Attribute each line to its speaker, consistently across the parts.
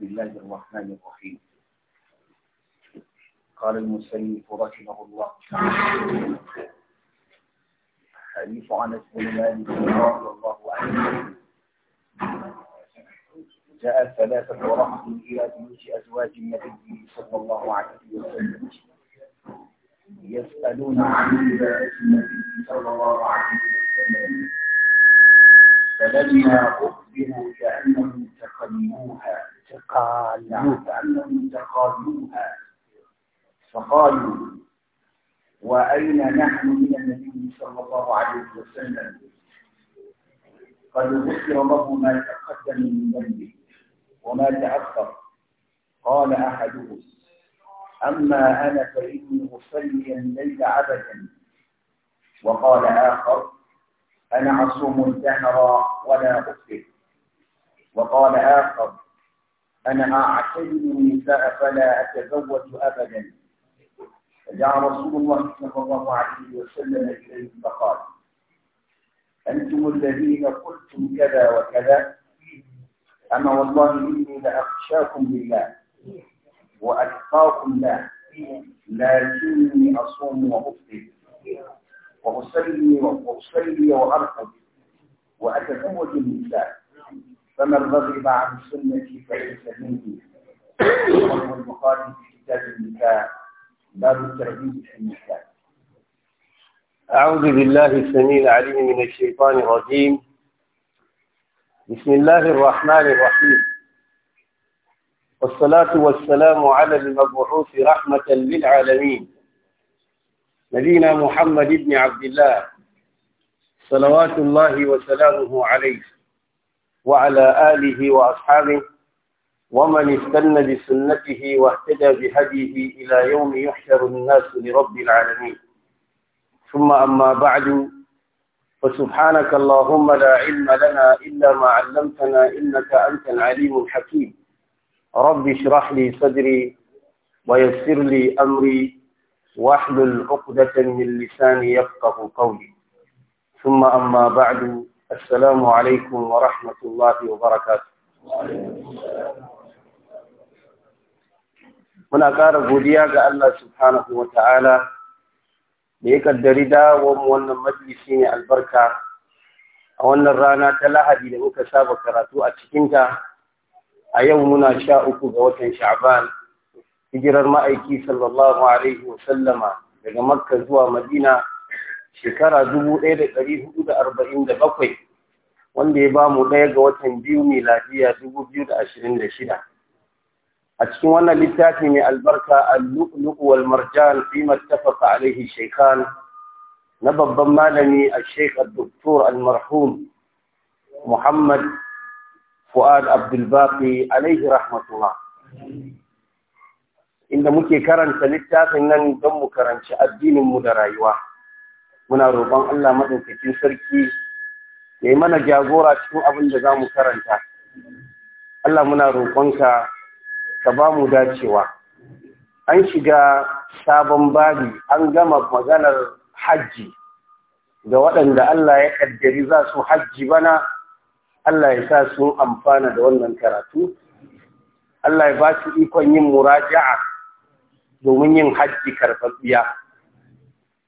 Speaker 1: بسم الله الرحمن الرحيم قال المسلم رحمه الله حديث عن بن مالك رضي الله عنه جاء ثلاثة رهط إلى بيوت أزواج النبي صلى الله عليه وسلم يسألون عن إباءة النبي صلى الله عليه وسلم فلما أخبروا كأنهم تقدموها تقالوا تقالوها فقالوا وأين نحن من النبي صلى الله عليه وسلم قد ذكر الله ما تقدم من ذنبه وما تأخر قال أحدهم أما أنا فإني أصلي الليل عبدا وقال آخر أنا أصوم الدهر ولا أفطر وقال آخر أنا أعتزل النساء فلا أتزوج أبدا فجاء رسول الله صلى الله عليه وسلم إليه فقال أنتم الذين قلتم كذا وكذا أما والله إني لأخشاكم لله وأتقاكم له لكني أصوم وأفطر وأصلي وأصلي وأرقد وأتزوج النساء فمن رغب عن سنتي فليس مني رواه البخاري في كتاب
Speaker 2: النكاح باب الترغيب في النكاح
Speaker 1: أعوذ بالله السميع
Speaker 2: العليم من الشيطان الرجيم بسم الله الرحمن الرحيم والصلاة والسلام على المبعوث رحمة للعالمين نبينا محمد بن عبد الله صلوات الله وسلامه عليه وعلى آله وأصحابه ومن استنى بسنته واهتدى بهديه إلى يوم يحشر الناس لرب العالمين ثم أما بعد فسبحانك اللهم لا علم لنا إلا ما علمتنا إنك أنت العليم الحكيم رب اشرح لي صدري ويسر لي أمري واحلل عقدة من لساني يفقه قولي ثم أما بعد السلام عليكم ورحمة الله وبركاته
Speaker 1: muna ƙara godiya
Speaker 2: ga Allah subhanahu wa ta'ala da ya kaddari dawon wannan majalisi ne albarka a wannan rana ta lahadi da muka saba karatu a cikinta a yau muna sha uku ga watan sha'ban hijirar ma'aiki sallallahu alaihi wa sallama daga makka zuwa madina shekara dubu ɗaya da ɗari hudu da arba'in da bakwai wanda ya ba mu ɗaya ga watan biyu miladiya dubu biyu da ashirin da shida a cikin wannan littafi mai albarka al-lu'lu'u wal marjan fi mattafaqa alaihi shaykhan na babban malami a sheikh al-doktor al muhammad fuad abdulbafi alaihi rahmatullah inda muke karanta littafin nan don mu karanci addinin mu da rayuwa muna roƙon Allah maɗaukakin sarki ya yi mana jagora cikin abin da za mu karanta. Allah muna roƙonka ka ba mu dacewa. An shiga sabon babi an gama maganar hajji ga waɗanda Allah ya ƙaddari za su hajji bana Allah ya sa sun amfana da wannan karatu. Allah ya ba su ikon yin muraja'a domin yin hajji karfafiya.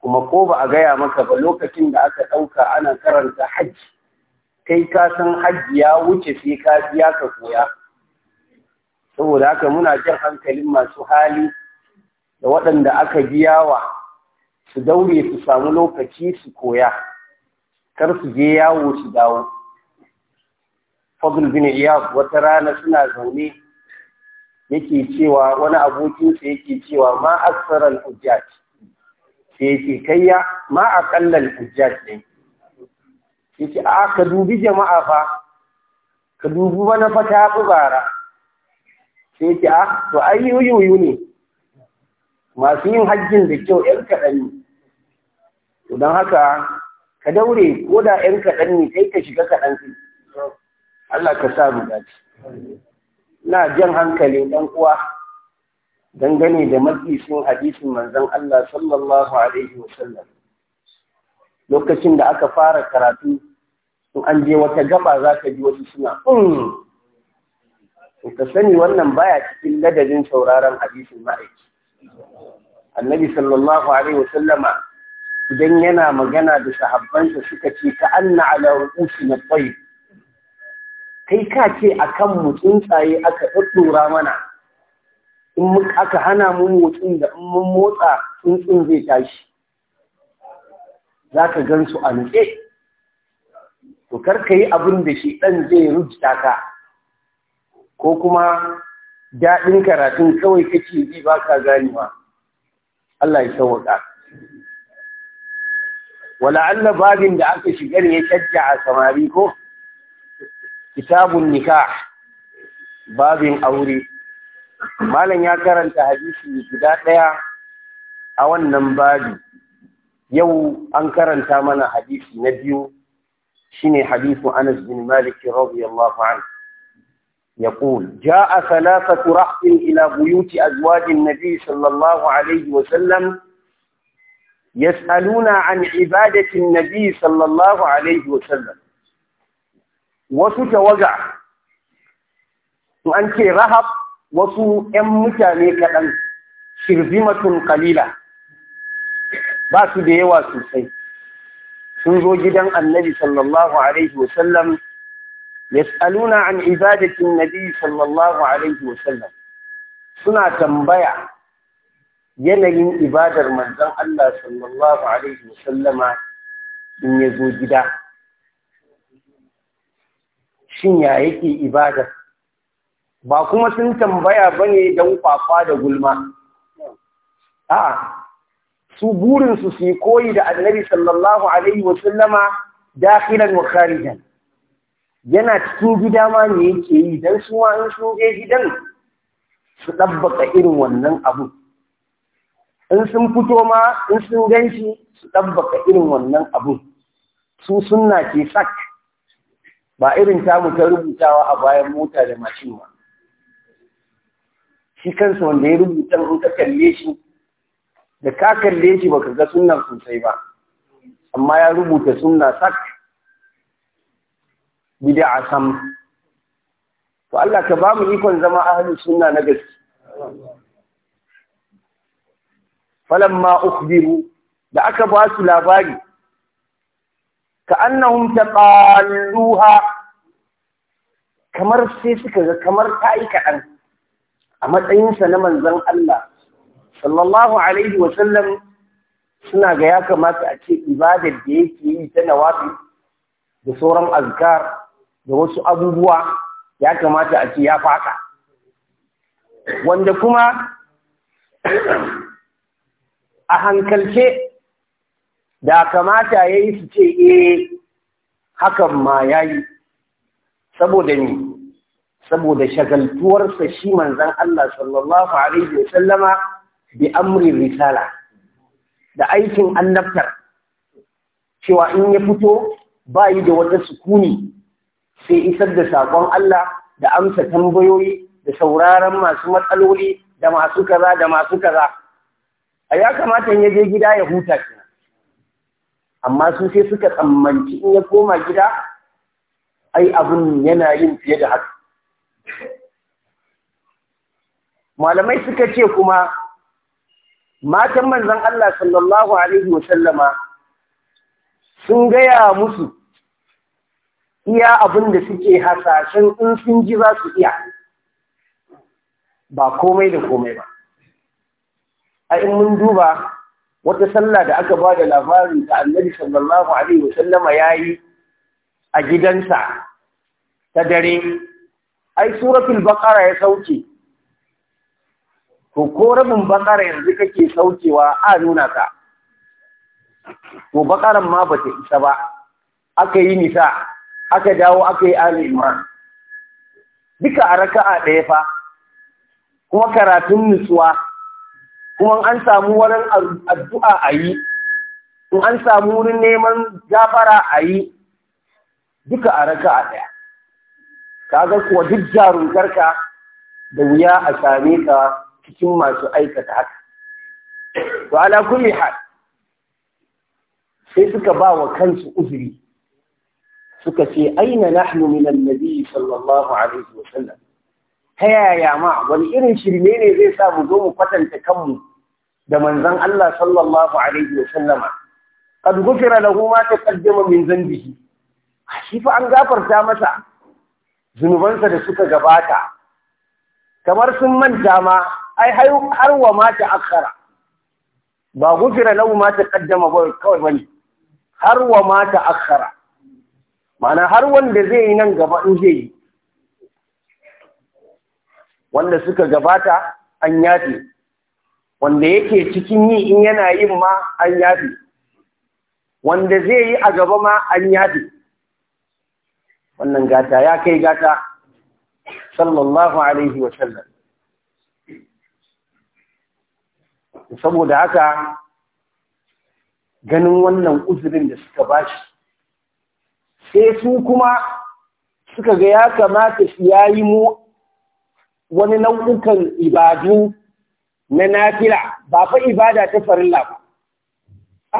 Speaker 2: kuma ko ba a gaya maka ba lokacin da aka ɗauka ana karanta hajji kai ka san hajji ya wuce sai ka biya ka koya saboda haka muna jan hankalin masu hali da waɗanda aka biyawa su daure su samu lokaci su koya kar su je yawo su dawo fadl bin Iyaf wata rana suna zaune yake cewa wani abokinsa yake cewa ma aksaral sai kayya ma a al-hujjaj din yace a ka dubi jama'a fa ka dubi wani fa ta bara sai a to ayyuyuyu ne masu yin hajjin da kyau yan kaɗan ne to don haka ka daure ko da yan kaɗan ne kai ka shiga kadan kai Allah ka sa mu dace ina jan hankali dan uwa dangane da matsisin hadisin manzon Allah sallallahu alaihi wasallam lokacin da aka fara karatu in an je wata gaba za ka ji wasu suna hmm. ka sani wannan baya cikin ladabin sauraron hadisin ma'aiki annabi sallallahu alaihi wasallama idan yana magana da sahabbansa suka ce ka anna ala ru'usi na tsayi kai ka ce akan mu tsuntsaye aka ɗaɗɗora mana in aka hana mu motsin da in mun motsa tsuntsun zai tashi za ka gan su a nutse to kar ka yi abin da shi ɗan zai rujita ka ko kuma daɗin karatun kawai kake ji ba ka gani ma Allah ya sauwaƙa wala'alla babin da aka shigar ya cajja a samari ko kitabun Nika babin aure malam ya karanta hadisi guda ɗaya a wannan babi yau an karanta mana hadisi na biyu shine hadisu Anas bin Malik radiyallahu anhu يقول جاء ثلاثة رحب إلى بيوت أزواج النبي صلى الله عليه وسلم يسألون عن عبادة النبي صلى الله عليه وسلم وسك وجع وأنت رهب wasu ‘yan mutane kaɗan shirzimatun kalila ba su da yawa sosai sun zo gidan annabi sallallahu alaihi wasallam yas'aluna an ibadatin nabi sallallahu alaihi wasallam suna tambaya yanayin ibadar manzon Allah sallallahu alaihi wasallama in ya zo gida shin ya yake ibadar ba kuma sun tambaya ba ne don kwakwa da gulma. A, su burinsu su koyi da annabi sallallahu Alaihi sallama dakilan wa kharijan. Yana cikin gida ma ne yake yi don su ma in sun gidan su ɗabbaka irin wannan abu. In sun fito ma in sun ganshi su ɗabbaka irin wannan abu. Su sunna ke sak, ba irin tamu ta rubutawa a bayan mota da mashin ba. shi kansa wanda ya rubuta in ka kalle shi da ka kalle shi baka ga sunna sosai ba amma ya rubuta sunna sak bid'a sam to Allah ka ba mu ikon zama ahlus sunna na gaske falamma ukhbiru da aka ba su labari ka annahum taqalluha kamar sai suka ga kamar ta yi kaɗan a matsayinsa na manzon Allah sallallahu alaihi wa suna ga ya kamata a ce ibadar da yake yi ta nawafi da sauran azkar da wasu abubuwa ya kamata a ce ya faka wanda kuma a hankalce da kamata ya yi su ce e hakan ma ya yi saboda ni saboda shagaltuwarsa shi manzan Allah sallallahu Alaihi wasallama bi amrin risala da aikin annabtar cewa in ya fito bayi da wata sukuni sai isar da saƙon Allah da amsa tambayoyi da sauraron masu matsaloli da masu kaza da masu kaza a ya kamata ya je gida ya huta amma su sai suka tsammanci in ya koma gida ai abun yana yin fiye da haka malamai suka ce kuma matan manzan Allah sallallahu alaihi wasallama sun gaya musu iya abin da suke hasashen in sun ji za su iya ba komai da komai ba a in mun duba wata sallah da aka ba da labari da annabi sallallahu alaihi wasallama yi a gidansa ta dare ai suratul baqara ya sauke to ko rabin baqara yanzu kake saukewa a nuna ka to baqaran ma bata isa ba aka yi nisa aka dawo aka yi ali imran duka a raka'a ɗaya fa kuma karatun nutsuwa kuma an samu wurin addu'a a yi an samu wurin neman gafara a yi duka a raka'a ɗaya kaga kuwa duk jarumtarka da wuya a same ka cikin masu aikata haka to ala kulli hal sai suka ba wa kansu uzuri suka ce aina nahnu min annabi sallallahu alaihi wa sallam ta yaya ma wani irin shirme ne zai sa mu zo mu kwatanta kanmu da manzon Allah sallallahu alaihi wa sallama qad ghufira lahu ma taqaddama min dhanbihi shi fa an gafarta masa zunubansa da suka gabata kamar sun manta ma ai har wa ma ta akhara ba gufira lahu ma ta kaddama ba kawai bane har wa ma ta akhara ma'ana har wanda zai yi nan gaba in zai yi wanda suka gabata an yafi. wanda yake cikin yi in yana yin ma an yafi. wanda zai yi a gaba ma an yafi. wannan gata ya kai gata sallallahu alaihi wa sallam saboda haka ganin wannan uzurin da suka bashi sai su kuma suka ga ya kamata su yi mu wani nau'ukan ibadu na nafila ba fa ibada ta farilla ba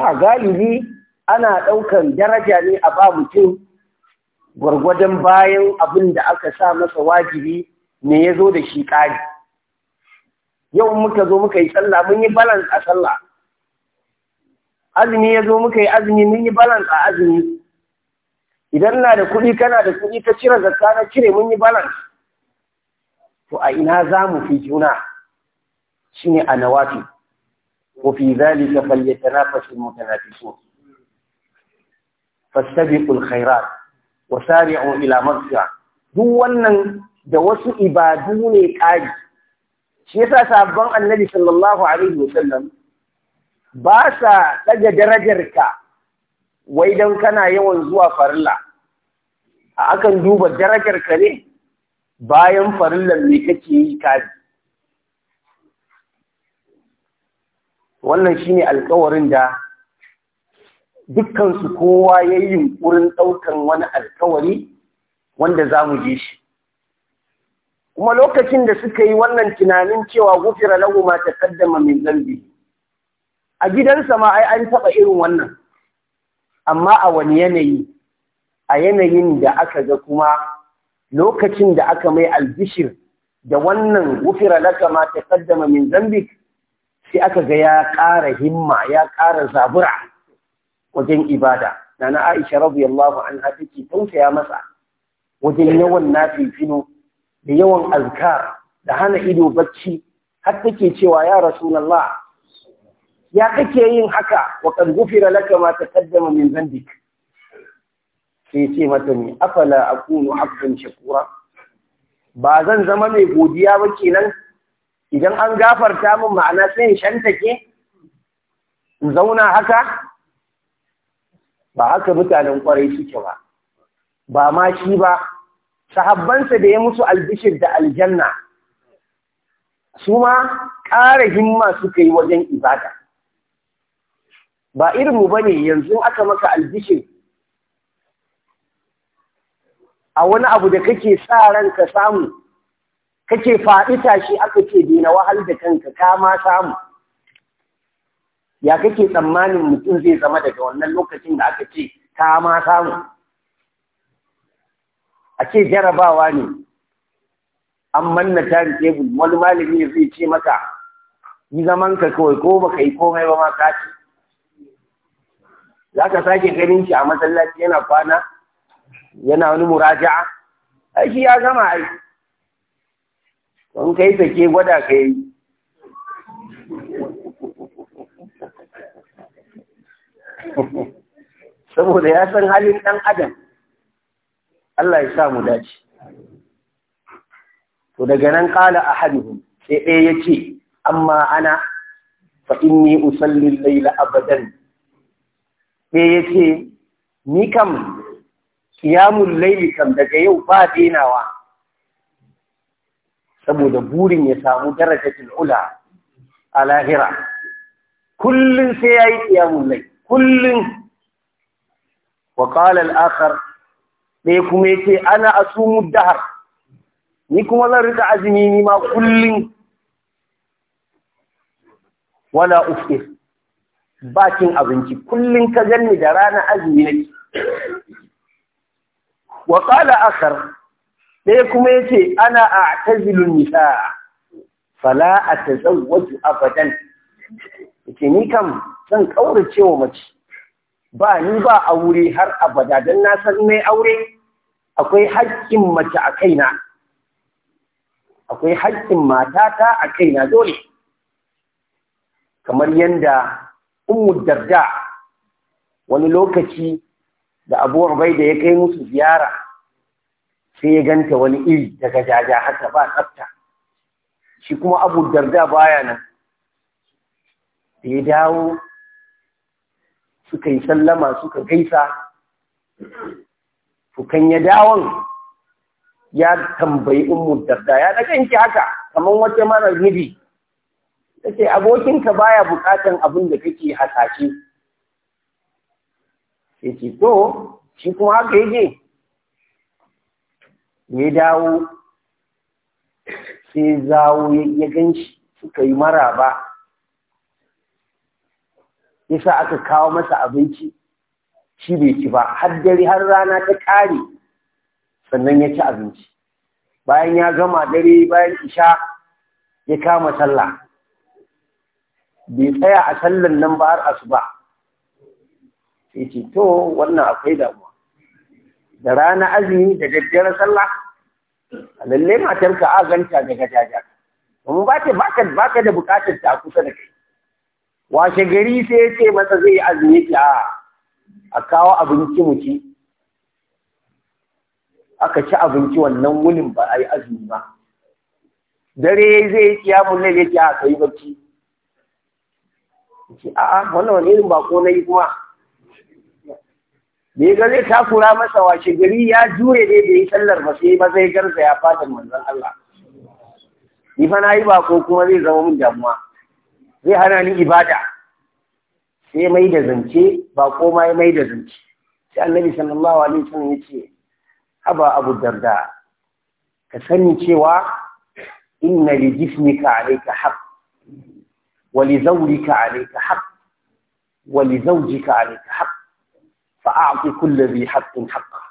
Speaker 2: a galibi ana ɗaukar daraja ne a ba mutum gwargwadon bayan abin da aka sa masa wajibi ne ya zo da shi ƙari yau muka zo muka yi tsalla mun yi balance a tsalla, azumi ya zo muka yi azumi mun yi balance a azumi idan na da kuɗi kana da kuɗi ka cire zakka na cire mun yi balance to a ina za mu fi juna shi ne a nawafi Ko fi zalika so. mutanafisun fastabiqul khairat wa sari'u ila maghfira duk wannan da wasu ibadu ne kai shi yasa sabon annabi sallallahu alaihi wasallam ba sa daga darajarka wai dan kana yawan zuwa farilla a akan duba darajar ka ne bayan farillan ne kake yi kai wannan shine alƙawarin da dukkansu kowa ya yi yunkurin ɗaukar wani alkawari wanda za mu ji shi kuma lokacin da suka yi wannan tunanin cewa gufira lahu ma kaddama min zambi a gidansa ma ai an taɓa irin wannan amma a wani yanayi a yanayin da aka ga kuma lokacin da aka mai albishir da wannan gufira laka ma kaddama min zambi sai aka ga ya ƙara himma ya ƙara zabura wajen ibada na na Aisha an anha take tausaya masa wajen yawan nafifino da yawan azkar da hana ido bacci har take cewa ya rasulullah ya kake yin haka wa qad ghufira laka ma kaddama min zandik sai ce mata ni afala akunu abdan shakura ba zan zama mai godiya ba kenan idan an gafarta min ma'ana sai in shantake in zauna haka ba haka mutanen kwarai suke ba ba ma shi ba sahabbansa da ya musu albishir da aljanna su ma ƙara himma suka yi wajen ibada ba irinmu ba ne yanzu aka maka albishir a wani abu da kake sa ranka samu kake faɗi tashi aka ce daina wahal da kanka ka ma samu ya kake tsammanin mutum zai zama daga wannan lokacin da aka ce ta ma samu a ce jarabawa ne an manna tari tebul wani malami zai ce maka yi zaman ka kawai ko ba ka yi komai ba ma ka za ka sake ganin shi a masallaci yana kwana yana wani muraja'a ai shi ya gama ai don kai sake gwada ka yi saboda ya san halin ɗan adam Allah ya sa mu dace to daga nan kala ahaduhum sai ɗaya ya ce amma ana fa inni usalli laila abadan ɗaya ya ce ni kam kiyamun laili kam daga yau ba dinawa saboda burin ya samu darajatul ula a lahira kullum sai yayi yi kiyamun kullum wa qala akar akhar ya kuma yace ana asumu dahar ni kuma zan rika azumi ni ma kullum wala uske bakin abinci kullum ka ganni da rana azumi ne wa qala akhar dai kuma ce ana a a'tazilu nisa fala atazawwaju abadan yace ni kam zan kaurace wa mace ba ni ba aure har abada don na san mai aure akwai haƙƙin mace a kaina akwai haƙƙin matata a kaina dole kamar yadda ummu darda wani lokaci da abu da ya kai musu ziyara sai ya ganta wani iri daga jaja haka ba tsafta shi kuma abu darda baya nan da ya dawo suka yi sallama suka gaisa fukan ya dawon ya tambayi umu darda ya daga yanki haka kamar wata mara ta ce abokinka baya bukatan abin da kake hasashe ce to shi kuma haka yake ya dawo sai zawo ya ganshi suka yi maraba yasa aka kawo masa abinci shi bai ci ba har dare har rana ta ƙare sannan ya ci abinci bayan ya gama dare bayan isha ya kama sallah bai tsaya a sallan nan ba har asuba sai ce to wannan akwai damuwa da rana azumi da daddare sallah lalle matarka a ganta daga jaja kuma ba ta da bukatar ta kusa da kai washe gari sai ya ce masa zai azumi ki a a kawo abinci mu ci aka ci abinci wannan wunin ba a yi azumi ba dare zai yi kiyamun nan ya ce a kai bacci ce a wannan wani irin bako na yi kuma Me ya ga zai takura masa washe gari ya jure ne da ya sallar ba sai ba zai garza ya fatan manzon Allah ni fa na yi bako kuma zai zama min damuwa zai hana ni ibada sai mai da zance ba koma ya mai da zance sai annabi sallallahu alaihi wasallam ya ce Aba abu darda ka sani cewa inna li jismika alayka haqq wa li zawjika alayka haqq wa li zawjika alayka haqq a'ti kulli dhi haqqin haqqah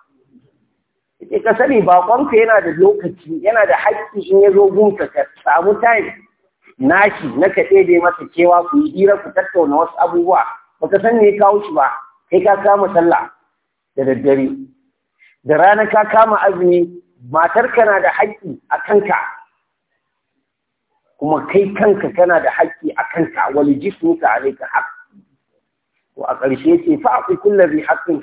Speaker 2: ka sani bakonka yana da lokaci yana da haƙƙi in ya zo gunka ka samu time nashi na ka ɗebe masa cewa ku yi hira ku tattauna wasu abubuwa Ba ka san me ya kawo shi ba kai ka kama sallah da daddare da rana ka kama azumi matar kana da haƙƙi a kanka kuma kai kanka kana da haƙƙi a kanka wani jismuka alaika haƙƙi? to a ƙarshe ce fa bi haƙƙin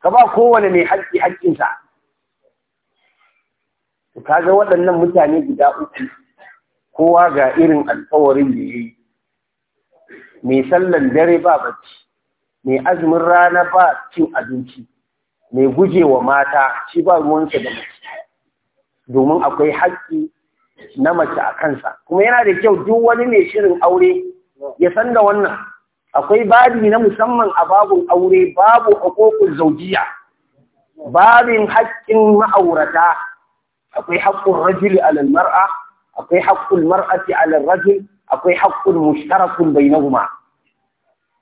Speaker 2: ka ba kowane mai haƙƙi haƙƙinsa to kaga waɗannan mutane guda uku kowa ga irin alkawarin da ya yi mai sallan dare ba bacci mai azumin rana ba cin abinci mai guje wa mata shi ba ruwansa da mace domin akwai haƙƙi na mace a kansa kuma yana da kyau duk wani mai shirin aure ya san da wannan akwai babi na musamman a babun aure babu haƙoƙin zaujiya babin haƙƙin ma'aurata akwai haƙƙin rajuli alal mar'a akwai haƙƙul mar'ati ala rajul akwai haƙƙul mushtarakun bainahuma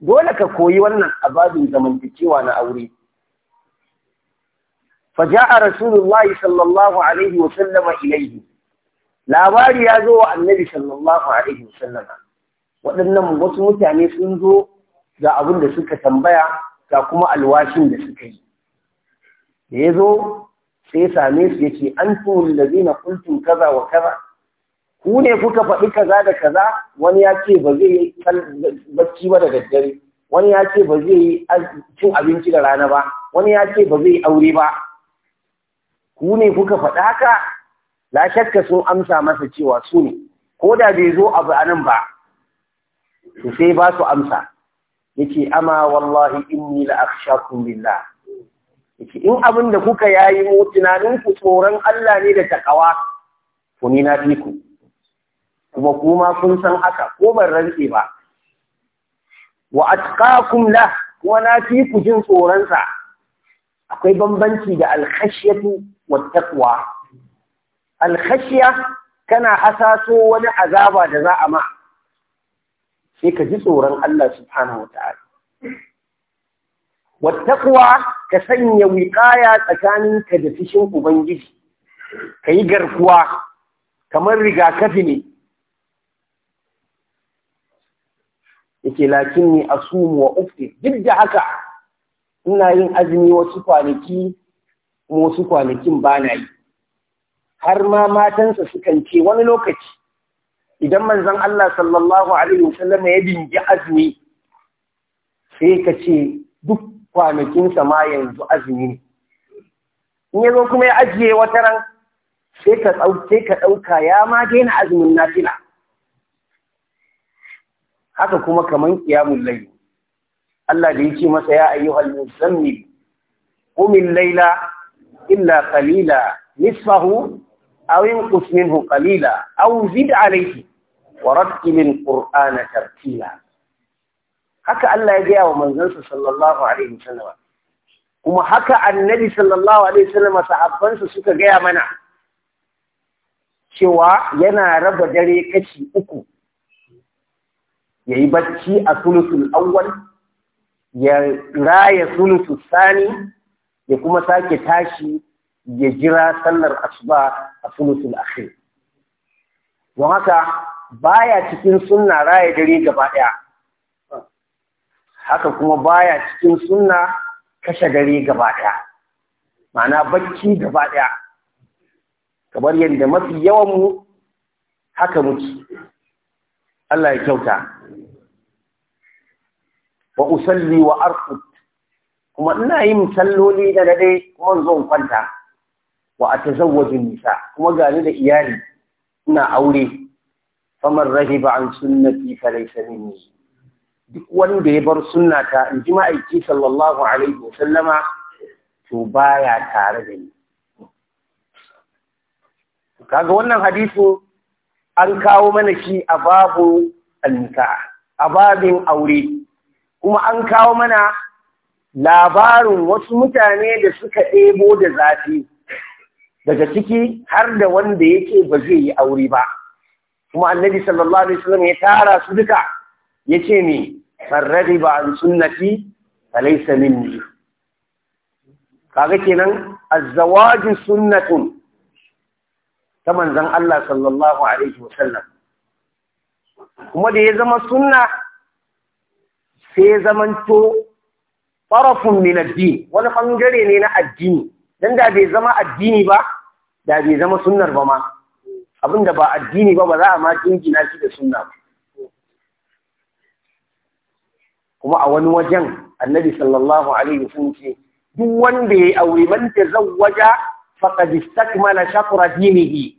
Speaker 2: dole ka koyi wannan ababin zamantakewa na aure faja'a rasulullahi sallallahu alaihi wa sallama ilaihi labari ya zo wa annabi sallallahu alaihi wa sallama waɗannan wasu mutane sun zo ga abin da suka tambaya ga kuma alwashin da suka yi da ya zo sai ya same su ya ce an tuwul da zina kultun kaza wa kaza ku ne kuka faɗi kaza da kaza wani ya ce ba zai yi bacci ba da daddare wani ya ce ba zai yi cin abinci da rana ba wani ya ce ba zai yi aure ba ku ne kuka faɗi haka la shakka sun amsa masa cewa su ne ko da bai zo abu a nan ba to sai ba su amsa Yake ama wallahi inni la akhshakum billah yace in abin da kuka yayi mu tunanin ku tsoron Allah ne da takawa to ni na fi ku kuma kuma kun san haka ko ban rantse ba wa atqakum la kuma na fi ku jin tsoron sa akwai bambanci da alkhashyatu wa taqwa alkhashya kana hasaso wani azaba da za a ma sai ka ji tsoron Allah subhanahu wa ta'ala wattaƙuwa ka sanya wiƙaya tsakaninka da fishin Ubangiji, ka yi garkuwa kamar rigakafi ne, yake ni asumu wa ufti duk da haka ina yin azumi wasu kwanaki wasu kwanakin ba na yi har ma matansa sukan ce wani lokaci idan manzon Allah sallallahu alaihi wasallam ya dingi azumi sai ka ce duk kwanakinsa ma yanzu azumi ne in yazo kuma ya ajiye wata ran sai ka ɗauka ya ma daina azumin nafila haka kuma kaman qiyamul layl Allah da yake masa ya ayyuhal muzammil qumil layla illa qalila nisfahu aw inqus minhu qalila aw zid alayhi warattilil qur'ana tartila haka Allah ya gaya wa manzansa sallallahu alaihi wasallam kuma haka annabi sallallahu alaihi wasallam sahabbansa suka gaya mana cewa yana raba dare kashi uku ya yi bacci a sulusul awwal ya raya sulusul sani ya kuma sake tashi ya jira sallar asuba a sulusul akhir don haka baya cikin sunna raya dare gaba daya haka kuma baya cikin sunna kashe dare gaba daya ma'ana bacci gaba daya kamar yadda mafi yawanmu haka muke Allah ya kyauta wa usalli wa arqut kuma ina yin salloli da dai kuma zan kwanta wa atazawwaju nisa kuma gani da iyali ina aure faman rahiba an sunnati falaysa minni duk wanda ya bar sunnata in ji ma'aiki sallallahu alaihi wa sallama to baya tare da ni kaga wannan hadisin an kawo mana shi a babu alnika a babin aure kuma an kawo mana labarin wasu mutane da suka ɗebo da zafi daga ciki har da wanda yake ba zai yi aure ba kuma annabi sallallahu alaihi wasallam ya tara su duka ya yace ne farradi ba an sunnati falaysa minni kaga kenan az-zawaju sunnatun ta manzon Allah sallallahu alaihi wasallam kuma da ya zama suna, sai ya zamanto farafin min addini wani bangare ne na addini Don da bai zama addini ba da bai zama sunnar ba ma abinda ba addini ba ba za a ma jingina shi da sunna ba kuma a wani wajen annabi sallallahu alaihi wasallam ce duk wanda ya yi aure man tazawwaja faqad istakmala shakra dinihi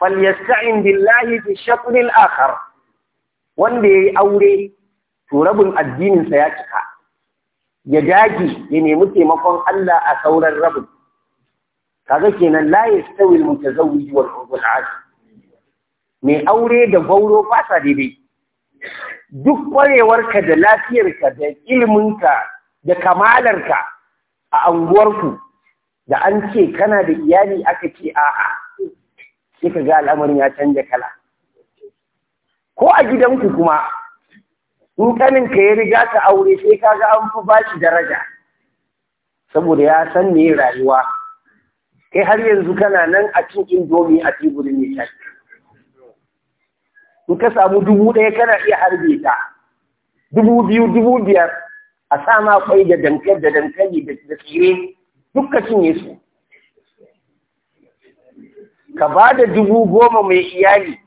Speaker 2: falyasta'in billahi fi shatril akhar wanda yayi aure to rabin addinin sa ya cika ya dage ya nemi taimakon Allah a sauran rabin kaga kenan la yastawi almutazawwij wal mutalaq Me aure da gauro ba sa daidai duk kwarewarka da lafiyarka da ka da kamalarka a anguwarku da an ce kana da iyali aka ce a'a kika ga al'amarin ya canja kala ko a gidanku kuma in kanin ka ya riga ka aure sai ka ga an fi bashi daraja saboda ya san me rayuwa kai har yanzu kana nan a cin indomi a teburin ne in ka samu dubu ɗaya kana iya harbe ta dubu biyu dubu biyar a sama kwai da dankali da dankali da tsire duk cinye su ka ba da dubu goma mai iyali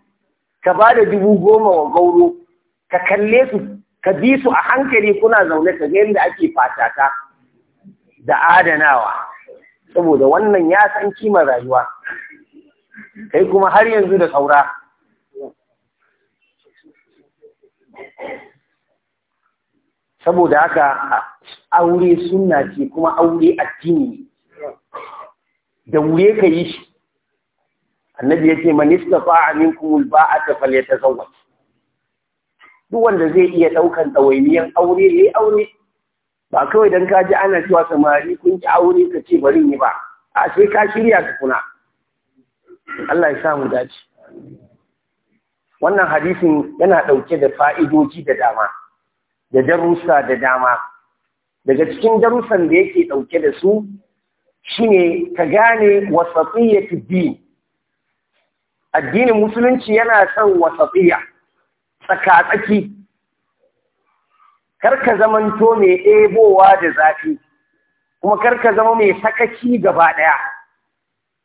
Speaker 2: ka ba da dubu goma wa gauro ka kalle su ka bi su a hankali kuna zaune ka ga yadda ake fatata da adanawa saboda wannan ya san kimar rayuwa kai kuma har yanzu da saura saboda haka aure sunna ce kuma aure addini da wuri ka yi shi annabi yace man istata'a minkum ta falyatazawwaj duk wanda zai iya ɗaukan dawainiyan aure yayi aure ba kawai dan ka ji ana cewa samari kun ki aure ka ce bari ni ba a sai ka shirya kuna Allah ya sa mu dace wannan hadisin yana ɗauke da fa'idoji da dama da darussa da dama daga cikin darussan da yake ɗauke da su shine ka gane wasatiyyatu din addinin musulunci yana son wasafiya tsakatsaki karka zamanto mai ɗebowa da zafi kuma karka zama mai sakaci gaba ɗaya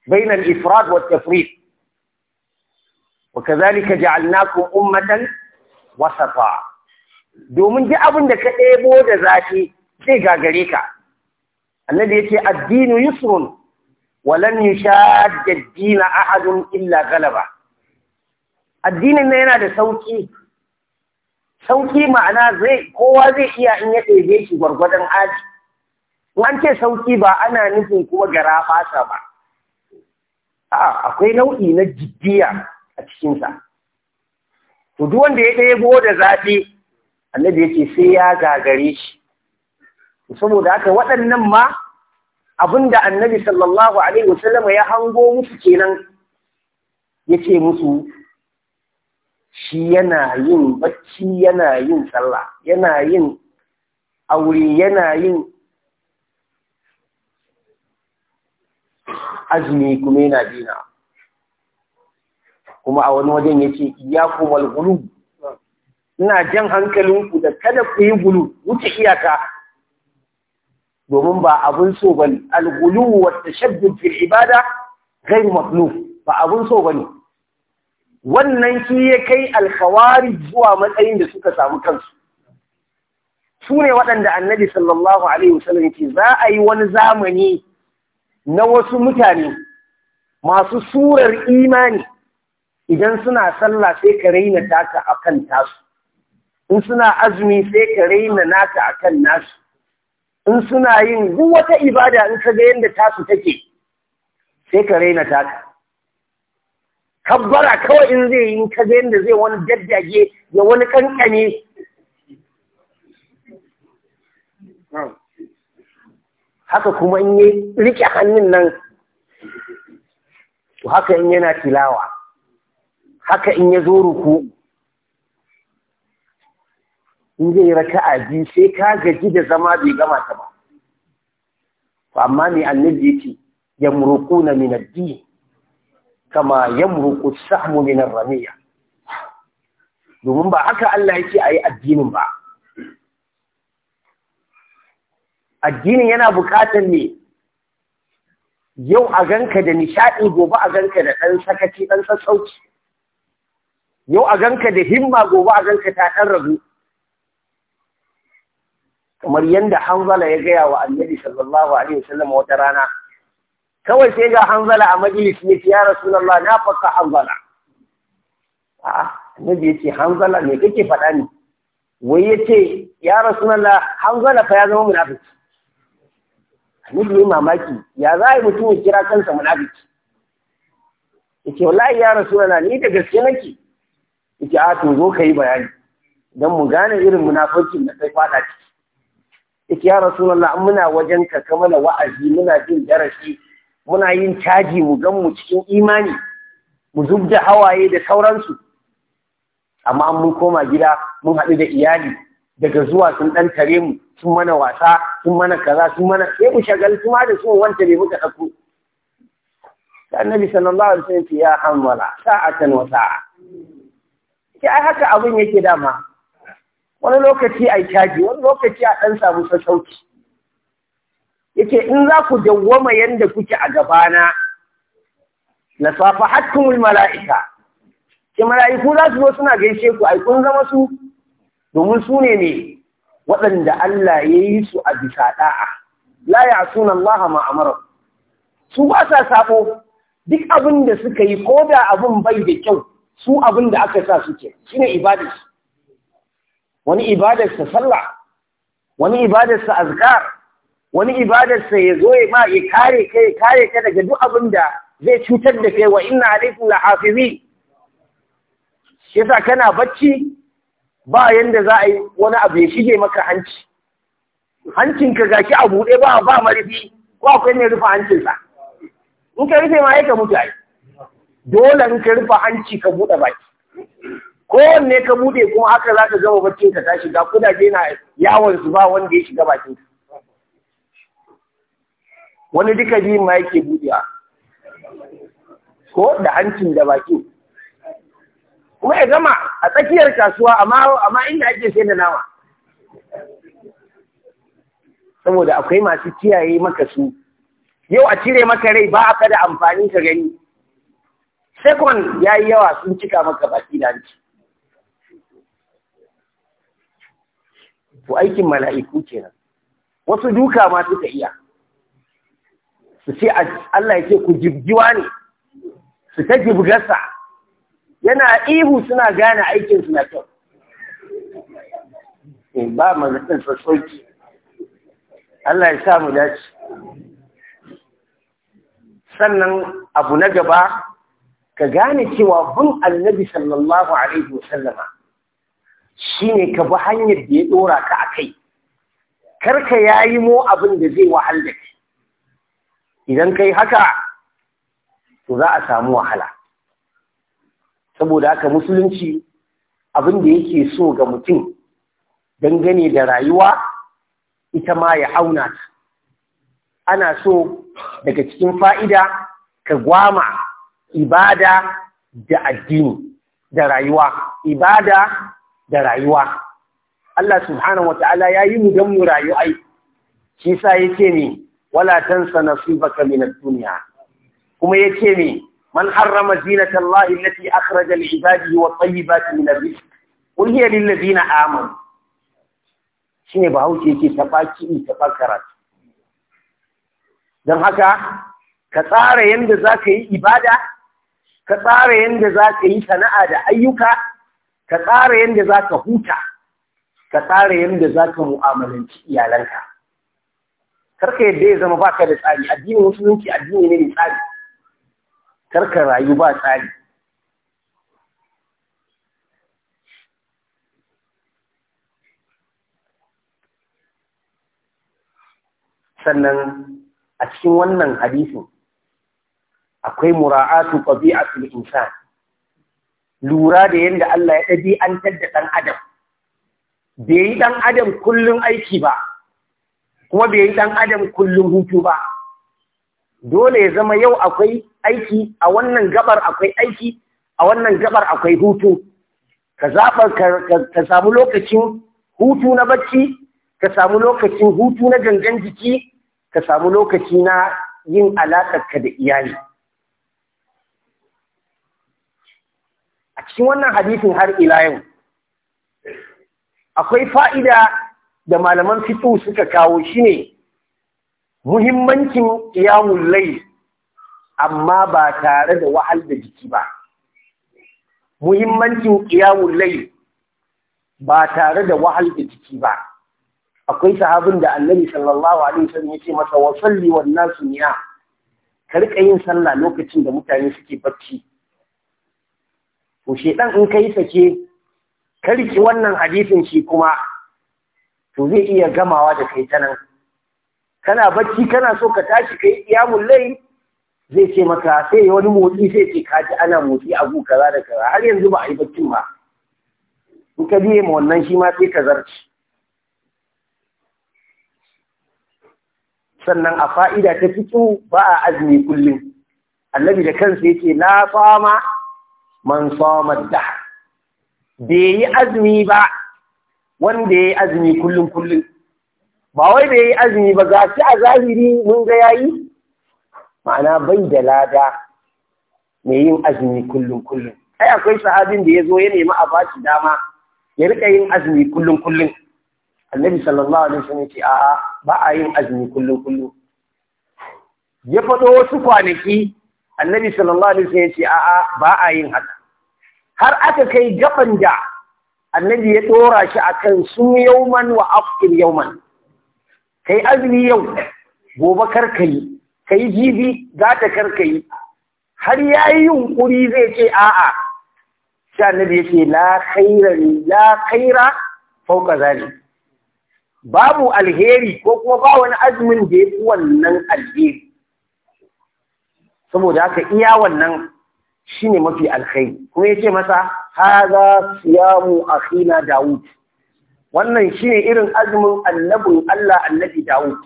Speaker 2: bainal ifrad wa tafrid wa kazalika ja'alnakum ummatan wasafa domin ji abin da ka ɗebo da zafi zai gagare ka annabi yace addinu yusrun walan yushadda ad-din ahadun illa galaba addinin ne yana da sauki sauki ma'ana zai kowa zai iya in ya ɗebe shi gwargwadon hali an ce sauki ba ana nufin kuma gara fasa ba 'a akwai nau'i na jiddiya a cikinsa to duk wanda ya ɗebo da zafi annabi yake sai ya gagare shi saboda haka waɗannan ma abinda annabi sallallahu alaihi wasallam ya hango musu kenan yace musu shi yana yin bacci yana yin sallah yana yin aure yana yin azumi kuma yana dina kuma a wani wajen yace iyyakum al ina jan hankalinku da kada ku yi gulu wuce iyaka domin ba abin so bane al-ghulu wa tashabbud fil ibada ghayr matluf ba abin so bane wannan shi ya kai al zuwa matsayin da suka samu kansu su ne waɗanda annabi sallallahu alaihi wasallam ke za a yi wani zamani na wasu mutane masu surar imani idan suna sallah sai ka raina taka akan tasu in suna azumi sai ka raina naka akan nasu in suna yin duk wata ibada in ka ga yadda tasu take sai ka raina taka kabbara kawai in zai yi ka ga yadda zai wani daddage ya wani kankane haka kuma in yi rike hannun nan haka in yana tilawa haka in ya zo ruku in zai raka'a biyu sai ka gaji da zama bai gama ta ba to amma mai annabi yake yamruquna min ad-din kama yamruqu as-sahmu min ar-ramiya domin ba haka Allah yake ayi addinin ba addinin yana bukatar ne yau a ganka da nishaɗi gobe a ganka da ɗan sakaci ɗan sassauci yau a ganka da himma gobe a ganka ta ɗan rabu kamar yadda hanzala ya gaya wa annabi sallallahu alaihi wasallam wata rana kawai sai ga hanzala a majalis ne ya rasulullah na faka hanzala a annabi ya ce hanzala me kake faɗa ne wai ya ce ya rasulullah hanzala fa ya zama munafiki annabi ya mamaki ya za a yi mutum ya kira kansa munafiki yace wallahi ya rasulullah ni da gaske nake yace a to zo ka yi bayani don mu gane irin munafikin da kai faɗa ciki ya rasuwa Allah muna wajen ka kamala wa'azi muna jin darasi muna yin caji mu gan mu cikin imani mu zub da hawaye da sauransu amma mun koma gida mun haɗu da iyali daga zuwa sun ɗan tare mu sun mana wasa sun mana kaza sun mana sai mu shagaltu ma da su wanta ne muka ɗauko annabi sallallahu alaihi wasallam ya hammala sa'atan wa sa'a ai haka abin yake dama wani lokaci a caji wani lokaci a ɗan samu sassauci yake in za ku dawwama yadda kuke a gabana na safa hattumul mala'ika ke mala'iku za su zo suna gaishe ku ai zama su domin su ne ne waɗanda Allah ya yi su a bisa ɗa'a la ya suna Allah ma amara su ba sa sabo duk abin da suka yi ko da abin bai da kyau su abin da aka sa suke shine ibadarsu wani ibadarsa sallah wani ibadarsa azkar wani ibadarsa ya zo ya ma ya kare ka kare kai daga duk abin da zai cutar da kai wa inna alaikum la hafizi yasa kana bacci ba yanda za a yi wani abu ya shige maka hanci hancinka gashi a buɗe ba ba marifi ko akwai ne rufe hancinsa in ka rufe ma yake mutu dole in ka rufe hanci ka buɗe baki kowanne ka bude kuma haka za ka gama bakin ka ta ga kudaje na yawon su ba wanda ya shiga bakin wani duka biyun ma yake budewa ko da hancin da baki kuma ya gama a tsakiyar kasuwa amma inda ake sai da nama saboda akwai masu kiyaye maka su yau a cire maka rai ba a kada amfani ka gani second ya yi yawa sun cika maka baki da hanci to aikin mala'iku kenan wasu duka ma suka iya su ce Allah ya ce ku jibgiwa ne su ta jibgarsa yana ihu suna gane aikin suna kyau eh, ba mazaɗin sassoki Allah ya sa mu dace sannan abu na gaba ka gane cewa bin annabi sallallahu alaihi wasallama shi ne ka bi hanyar da ya ɗora ka a kai karka yi mo abin da zai wahal da kai idan yi haka to za a samu wahala saboda haka musulunci abin da yake so ga mutum dangane da rayuwa ita ma ya auna ta ana so daga cikin fa'ida ka gwama ibada da addini da rayuwa ibada da rayuwa Allah subhanahu ta'ala ya yi mu don mu rayu ai shi sa yake ne wala tansa nasibaka baka ad duniya. kuma ya yake ne man harrama zinata Allah allati akhraja li ibadihi wa tayyibati min ar-rizq qul hiya lil ladina amanu shine bahaushe yake tabaki tabakarat dan haka ka tsara yanda zaka yi ibada ka tsara yanda zaka yi sana'a da ayyuka ka tsara yadda za ka huta ka tsara yadda za ka mu'amalanci iyalanka karka yadda ya zama ba ka da tsari addinin musulunci addini ne mai tsari karka rayu ba tsari sannan a cikin wannan hadisin akwai mura'atu qabi'atul insan lura da yadda Allah ya an tadda ɗan adam bai yi ɗan adam kullum aiki ba kuma bai yi ɗan adam kullum hutu ba dole ya zama yau akwai aiki a wannan gabar akwai aiki a wannan gabar akwai hutu ka zaɓa ka samu lokacin hutu na bacci ka samu lokacin hutu na gangan jiki ka samu lokaci na yin alaƙarka da iyali cikin wannan hadisin har ila yau akwai fa'ida da malaman fito suka kawo shi ne muhimmancin iyamun lai amma ba tare da wahal da jiki ba muhimmancin lai ba tare da wahal da jiki ba akwai sahabin da annabi sallallahu alaihi wasallam yake masa wa salli wan nasu niya ka yin sallah lokacin da mutane suke bacci shi dan in kai sake karki wannan hadisin shi kuma to zai iya gamawa da kai ta kana bacci kana so ka tashi kai iyamul layl zai ce maka sai wani motsi sai ce ka ji ana motsi a guka za da kaza har yanzu ba a yi baccin ba in ka biye ma wannan shi ma sai ka zarci sannan a fa'ida ta fito ba a azumi kullum annabi da kansa yake na fama man sama da bai yi azumi ba wanda ya yi azumi kullum kullum ba wai bai yi azumi ba ga shi a zahiri mun ga yayi ma'ana bai da lada mai yin azumi kullum kullum ai akwai sahabin da ya zo ya nemi a shi dama ya rika yin azumi kullum kullum annabi sallallahu alaihi wasallam ya ce a'a ba a yin azumi kullum kullum ya faɗo wasu kwanaki annabi sallallahu alaihi wasallam ya ce a'a ba a yin haka har aka kai gaban da annabi ya ɗora shi akan sun yauman wa afkin yauman kai azumi yau gobe karkayi kai jibi za ta karkayi har ya yi yunƙuri zai ce a'a shi annabi ya ce la khaira la khaira fauka zani babu alheri ko kuma ba wani azumin da ya fi wannan alheri saboda haka iya wannan Shi ne mafi alkhairi kuma ya ce masa haza siyamu akhina Dawud. wannan shine irin azumin annabin Allah annabi Dawud.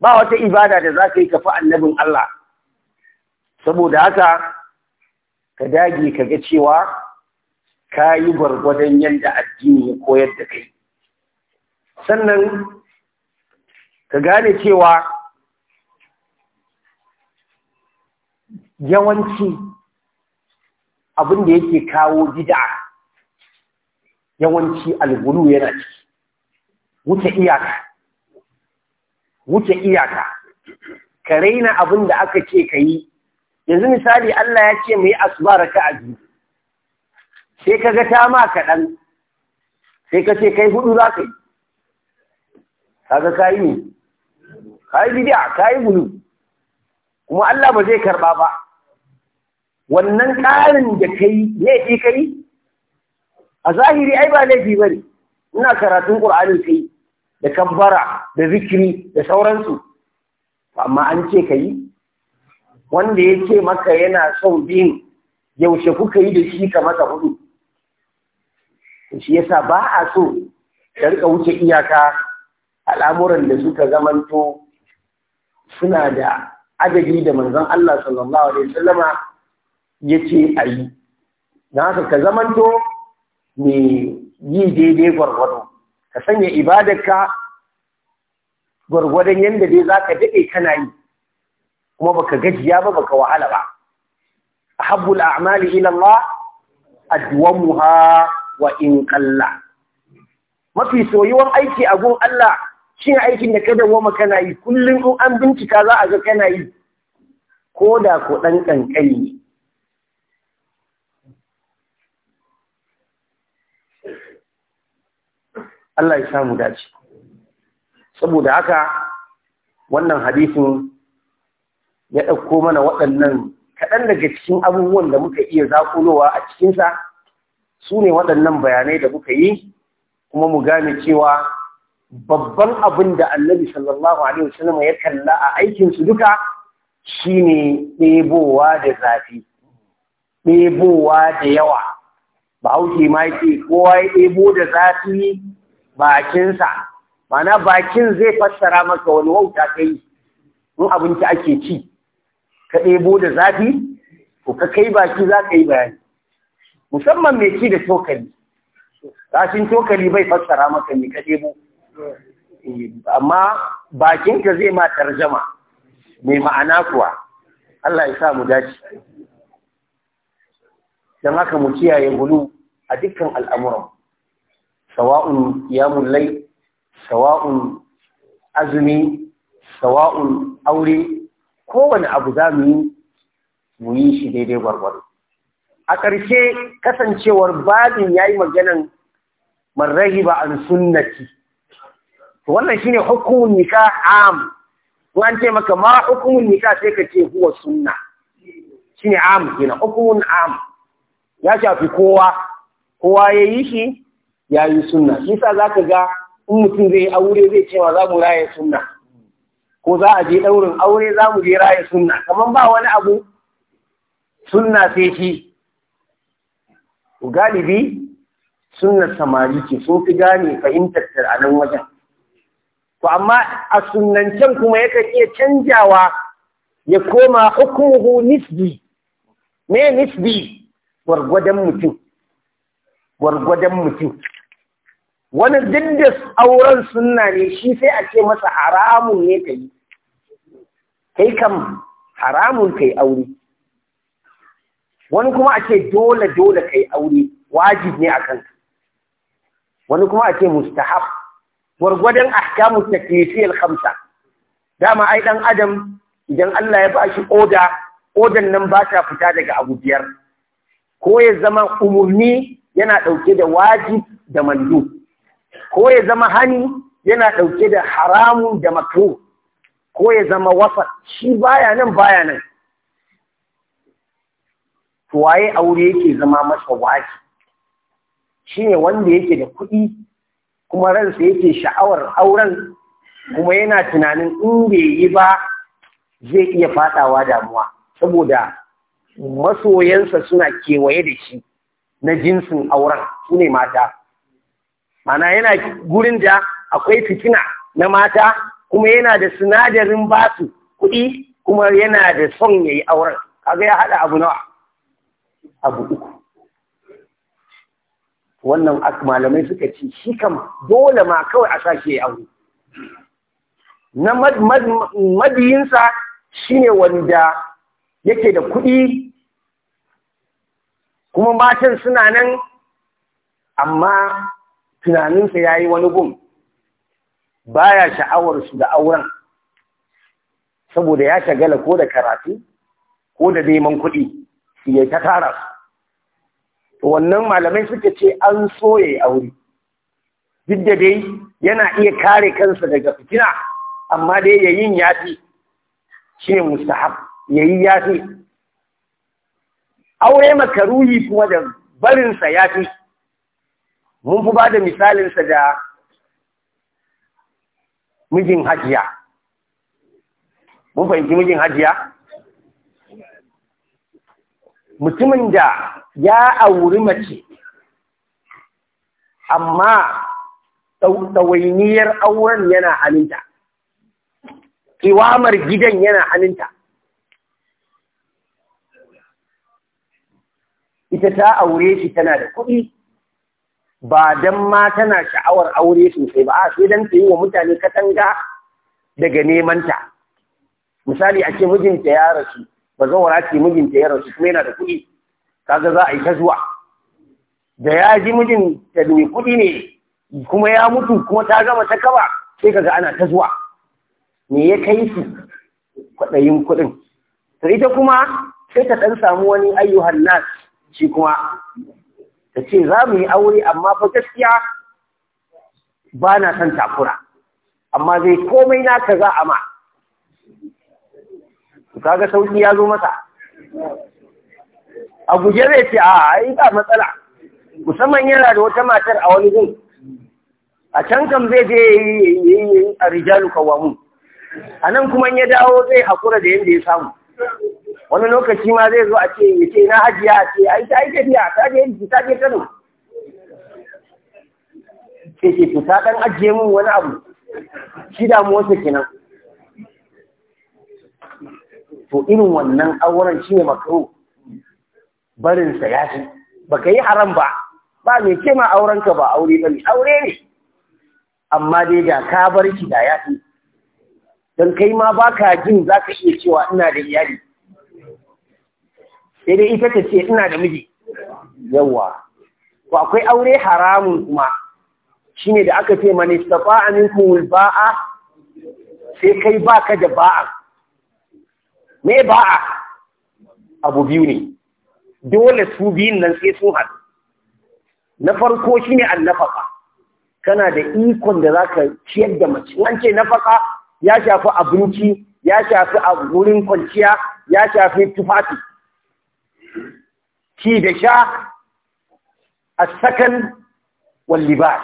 Speaker 2: ba wata ibada da za ka yi kafa annabin Allah saboda haka ka dage ka ga cewa ka yi gwargwadon yadda addini ya koyar da kai sannan ka gane cewa yawanci abin da yake kawo gida yawanci algulu yana ciki wuce iyaka wuce iyaka ka raina abin da aka ce ka yi yanzu misali Allah ya ce mu yi asbara ka aji sai ka ga ta ma kaɗan sai ka ce kai hudu za ka yi kaga ka yi ne ka yi bidiya ka yi gulu kuma Allah ba zai karɓa ba wannan ƙarin da ka yi laifi ka yi a zahiri ai ba laifi ba ne ina karatun ƙur'anin ka yi da kabbara da zikiri da sauransu amma an ce ka yi wanda ya ce maka yana son bin yaushe kuka yi da shi ka masa hudu shi yasa ba a so ka rika wuce iyaka al'amuran da suka zamanto suna da adadi da manzon Allah sallallahu alaihi wasallama ya ce a yi na haka ka zamanto mai yi daidai gwargwado ka sanya ibadarka gwargwadon yadda dai za ka daɗe kana yi kuma baka gajiya ba baka wahala ba ahabbul a'mali ila Allah adwamuha wa in qalla mafi soyuwan aiki a gun Allah shi aikin da ka dawoma kana yi kullum in an bincika za a ga kana yi ko da ko ɗan ƙanƙani Allah ya samu dace saboda haka wannan hadisin ya ɗauko mana waɗannan kaɗan daga cikin abubuwan da muka iya zaƙulowa a cikinsa su ne waɗannan bayanai da muka yi kuma mu gane cewa babban abin da annabi sallallahu alaihi wasallam ya kalla a aikinsu duka shine ɗebowa da zafi ɗebowa da yawa hauke ma yake kowa ya ɗebo da zafi bakinsa mana bakin zai fassara maka wani wauta kai in abinci ake ci ka ɗebo da zafi ko ka kai baki za ka yi bayani musamman mai ci da cokali kashin cokali bai fassara maka ne ka ɗebo amma bakinka zai ma tarjama mai ma'ana kuwa Allah ya sa mu dace don haka mu kiyaye gulu a dukkan al'amuran sawa'un qiyamul layl sawa'un azumi sawa'un aure kowane abu za mu yi mu yi shi daidai gwargwaro a ƙarshe kasancewar babin yayi maganan man ba an sunnati wannan ne hukumun nikah am an ce maka ma hukumun nikah sai ka ce huwa sunna am hukumun am ya shafi kowa kowa ya yi shi ya yi sunna yasa za ka ga in mutum zai yi aure zai ce ma za mu raya sunna ko za a je ɗaurin aure za mu je raya sunna kamar ba wani abu sunna sai shi galibi suna samari ce sun fi gane fahimtar a nan wajen to amma a sunancen kuma yakan iya canjawa ya koma hukumu nisbi me nisbi gwargwadon mutum gwargwadon mutum wani dinda auren sunna ne shi sai a ce masa haramun ne ka yi kai kam haramun ka yi aure wani kuma a ce dole dole yi aure wajib ne a kanka wani kuma a ce mustahab gwargwadon ahkamu taklifiyal kamsa dama ai ɗan adam idan Allah ya ba shi oda odan nan ba ta fita daga abu biyar ko ya zama umurni yana ɗauke da wajib da Mandu. ko ya zama hani yana ɗauke da haramu da makro ko ya zama wasa shi baya nan baya nan to waye aure yake zama masa waki shine wanda yake da kuɗi kuma ransa yake sha'awar auren kuma yana tunanin in bai yi ba zai iya faɗawa damuwa saboda masoyansa suna kewaye da shi na jinsin auren su ne mata mana yana gurin da akwai fitina na mata kuma yana da sinadarin basu kuɗi kuma yana da son ya yi auren kaga ya haɗa abu nawa abu uku wannan malamai suka ce shi kam dole ma kawai a shi ya aure na madiyinsa shine wanda yake da kuɗi kuma matan suna nan amma tunaninsa ya yi wani gum baya sha'awar su da auren saboda ya shagala ko da karatu ko da neman kuɗi ya ta tara su wannan malamai suka ce an soye ya aure duk da dai yana iya kare kansa daga fitina amma dai ya yi yafi shi ne mustahab ya yi yafi aure makaruhi kuma da barinsa yafi mun fi ba da misalinsa da mijin hajiya mun fahimci mijin hajiya mutumin da ya auri mace amma ɗawainiyar auren yana halinta kiwamar gidan yana halinta ita ta aure shi tana da kuɗi ba dan ma tana sha'awar aure sosai ba a sai don ta yi wa mutane katanga daga nemanta misali a ce mijinta ya rasu ba wara ce mijinta ya rasu kuma yana da kuɗi kaga za a yi ta zuwa da ya ji mijinta da mai kuɗi ne kuma ya mutu kuma ta gama ta kaba sai kaga ana ta zuwa me ya kai su kwaɗayin kuɗin to ita kuma sai ta ɗan samu wani ayyuhan nas shi kuma ta ce za mu yi aure amma fa gaskiya ba na son takura amma zai komai naka za a ma kaga sauki ya zo masa a guje zai ce a yi ba matsala musamman yana da wata matar a wani zai a can kam zai je yi a rijalu kawamu a nan kuma ya dawo zai hakura da yadda ya samu wani lokaci ma zai zo a ce ya ce na hajiya a ce ai ta yi tafiya ta je yi ta je kano ce ce to ta dan ajiye min wani abu shi da mu damuwarsa kenan to irin wannan auren shi ne barin barinsa ya fi baka yi haram ba ba mai ce ma aurenka ba aure ba ne aure ne amma dai da ka bar shi da ya fi don kai ma ba ka jin za ka iya cewa ina da iyali sai dai ita ta ce ina da miji yawa ko akwai aure haramun kuma shine da aka ce mani, man istafa'a wal ba'a sai kai baka da ba'a me ba'a abu biyu ne dole su biyun nan sai sun haɗu na farko shine annafaka kana da ikon da zaka ciyar da mace an ce nafaka ya shafi abinci ya shafi a kwanciya ya shafi tufafi ki da sha a sakan libas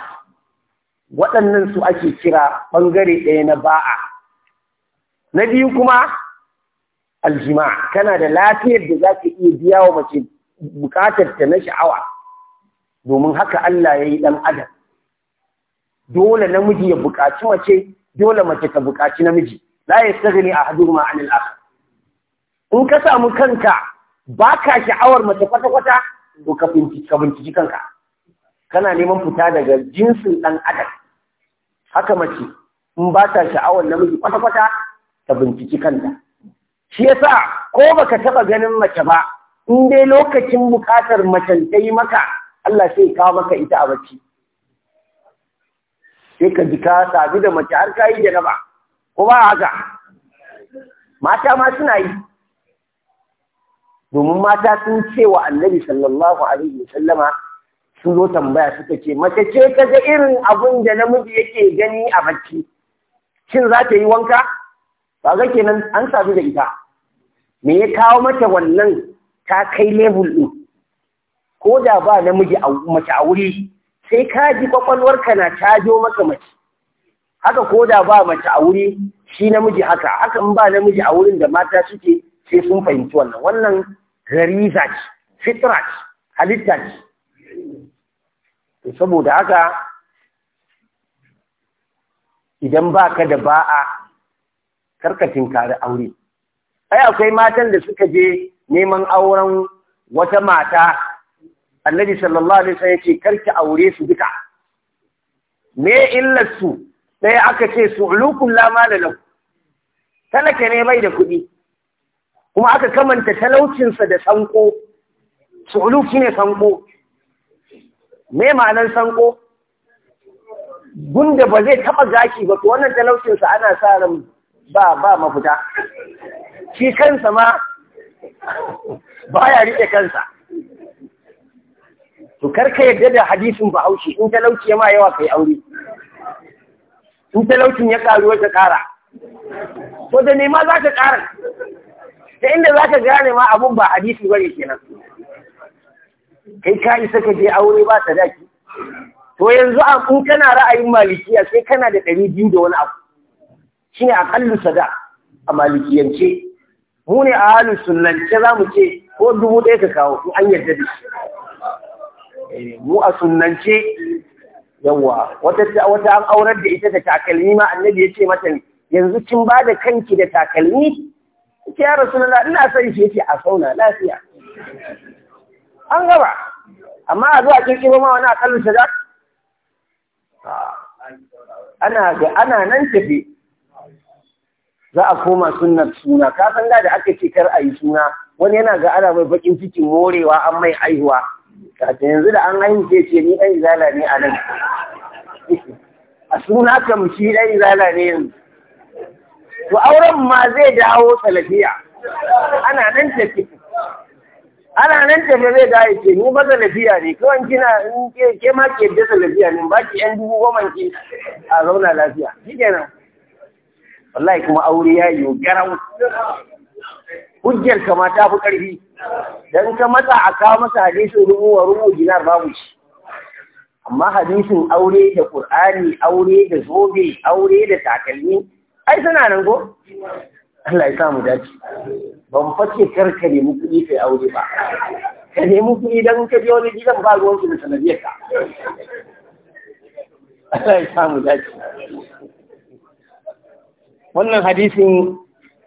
Speaker 2: waɗannan su ake kira ɓangare ɗaya na ba'a na biyu kuma aljima'a kana da lafiyar da za ka iya biya wa mace bukatar ta na sha'awa domin haka Allah ya yi ɗan adam dole namiji ya buƙaci mace dole mace ka buƙaci namiji la a a 'anil aka. in ka samu kanka ba ka sha'awar mace kwata-kwata to ka binciki kanka kana neman fita daga jinsin ɗan adam haka mace in ba ta sha'awar namiji kwata-kwata ta binciki kanta shi yasa ko baka taɓa ganin mace ba in dai lokacin bukatar mace ta yi maka Allah sai kawo maka ita a bacci sai ka ji ka da mace har ka yi jaraba ko ba haka mata ma suna yi domin mata sun ce wa annabi sallallahu alaihi wasallama sun zo tambaya suka ce mace ce ta ga irin abun da namiji yake gani a bacci shin za ta yi wanka ba ga kenan an sadu da ita me ya kawo mata wannan ta kai lebul ɗin ko da ba namiji mace a wuri sai ka ji kwakwalwarka na cajo maka mace haka ko da ba mace a wuri shi namiji haka haka in ba namiji a wurin da mata suke sai sun fahimci wannan wannan gariza ce fitra ce saboda haka idan ba ka da ba'a karka tinkari aure ai akwai matan da suka je neman auren wata mata annabi sallallahu alaihi wasallam ce karki aure su duka me illar su sai aka ce su lama da lahu talaka ne bai da kuɗi kuma aka kamanta talaucinsa da sanko Uluki ne sanko Mai ma'anar sanko gunda ba zai taba zaki ba to wannan talaucinsa ana sa ran ba ba mafita shi kansa ma ba ya rike kansa to karka yadda da hadisin bahaushe in talauci ya ma yawa kai aure in talaucin ya karu ta kara to da nema za ka kara da inda za ka gane ma abun ba hadisi bane kenan kai ka isa ka je aure ba sadaki to yanzu a kun kana ra'ayin malikiya sai kana da ɗari biyu da wani abu shine aƙallu sada a malikiyance mu ne a halin sunnance za mu ce ko dubu ɗaya ka kawo in an yarda da shi eh, mu a sunnance yawa wata wata an aurar da ita da takalmi ma annabi ya ce mata yanzu kin ba da kanki da takalmi ce ya rasulullah ina son shi yake a sauna lafiya an gaba amma a zuwa kirkiro ma wani akallin shiga ana ga ana nan tafi za a koma sunnar suna ka san da aka ce kar a yi suna wani yana ga ana mai bakin cikin morewa an mai aihuwa kafin yanzu da an haihu ce ni ɗan izala ne a nan a suna kam shi ɗan izala ne yanzu to auren ma zai dawo salafiya ana nan tafi ana nan tafi zai dawo ce ni ba salafiya ne kawai kina in ke ma ke da salafiya ne ba ki yan dubu goma ki a zauna lafiya shikenan wallahi kuma aure ya yi garau hujjar kama ta fi ƙarfi dan ka matsa a kawo masa hadisin rubu wa rubu dinar babu shi amma hadisin aure da ƙur'ani, aure da zobe aure da takalmi ai suna nan ko Allah ya sa mu dace Ban mu fashe kar ka nemi kuɗi kai aure ba ka nemi kuɗi dan ka je wani gidan ba ruwan su da sanadiyar ka Allah ya sa mu dace wannan hadisin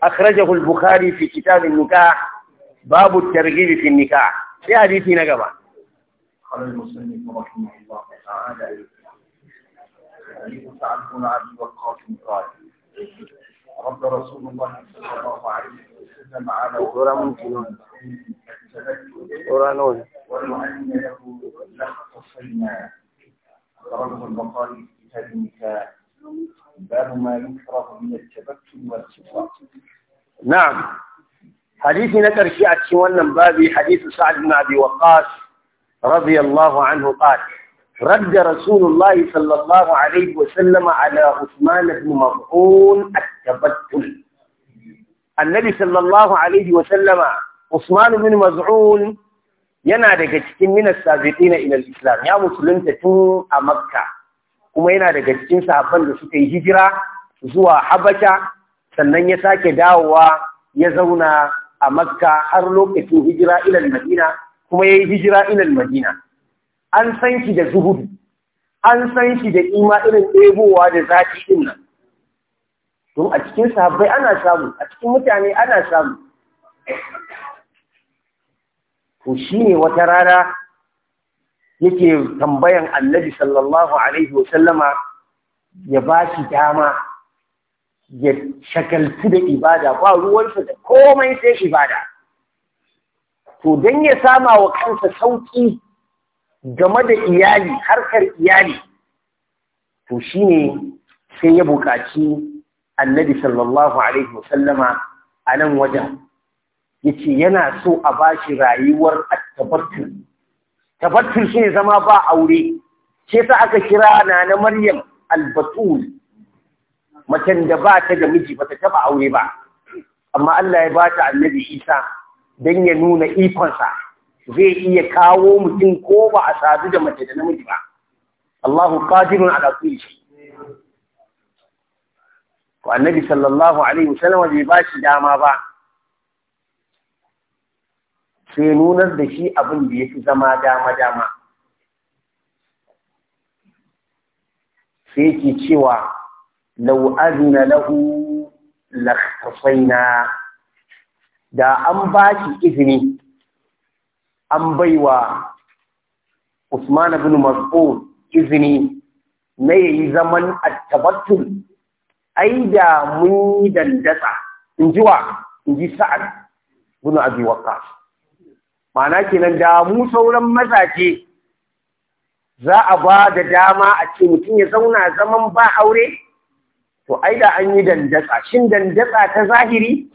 Speaker 2: akhrajahu al-bukhari fi kitab an-nikah babu at-targhib sai hadisi na gaba
Speaker 1: قال المسلم رحمه الله تعالى عبد قال رد رسول الله صلى الله عليه وسلم على ورمون ورانون والمعين له لخصينا رغم البقاء في كتاب
Speaker 2: النكاة باب ما يكره من التبتل والصفات نعم حديثي نكر شيعة شوانا بابي حديث سعد بن أبي وقاص رضي الله عنه قال رد رسول الله صلى الله عليه وسلم على عثمان بن مظعون التبتل النبي صلى الله عليه وسلم عثمان بن مظعون yana daga cikin minas sabiqina ila islam ya musulunta tun a makka kuma yana daga cikin sahabban da suka yi hijira zuwa habasha sannan ya sake dawowa ya zauna a makka har lokacin hijira ila madina kuma yayi hijira ila madina an san ki da zuhudu an san ki da ima irin ɗebowa da zafi ɗin nan don a cikin sahabbai ana samu a cikin mutane ana samu to shine wata rana yake tambayan annabi sallallahu alaihi sallama ya ba shi dama ya shakaltu da ibada ba ruwansa da komai sai ibada to don ya sama wa kansa sauki. game da iyali harkar iyali to shi ne sai ya buƙaci annabi sallallahu alaihi wasallama a nan wajen ya ce yana so a ba shi rayuwar tabattul shi ne zama ba aure ce sa aka kira na na maryam albatul macen da ba ta da miji ba ta taba aure ba amma Allah ya bata annabi Isa don ya nuna ikonsa zai iya kawo mutum ko ba a sadu da mace da namiji ba Allahu kajirun ala kulli shi. Ko annabi sallallahu alaihi wasallam bai ba shi dama ba sai nunar da shi abin da fi zama dama dama sai ke cewa law azna lahu lakhtasaina da an ba shi izini an bai wa Usman Bin Mas'ud izini na yayi zaman tabbatun, ai da mun yi dandasa in ji wa in ji sa'ad ibn Abi Waqqas ma'ana kenan da mu sauran mazaje za a ba da dama a ce mutum ya zauna zaman ba aure to ai da an yi dandasa shin dandatsa ta zahiri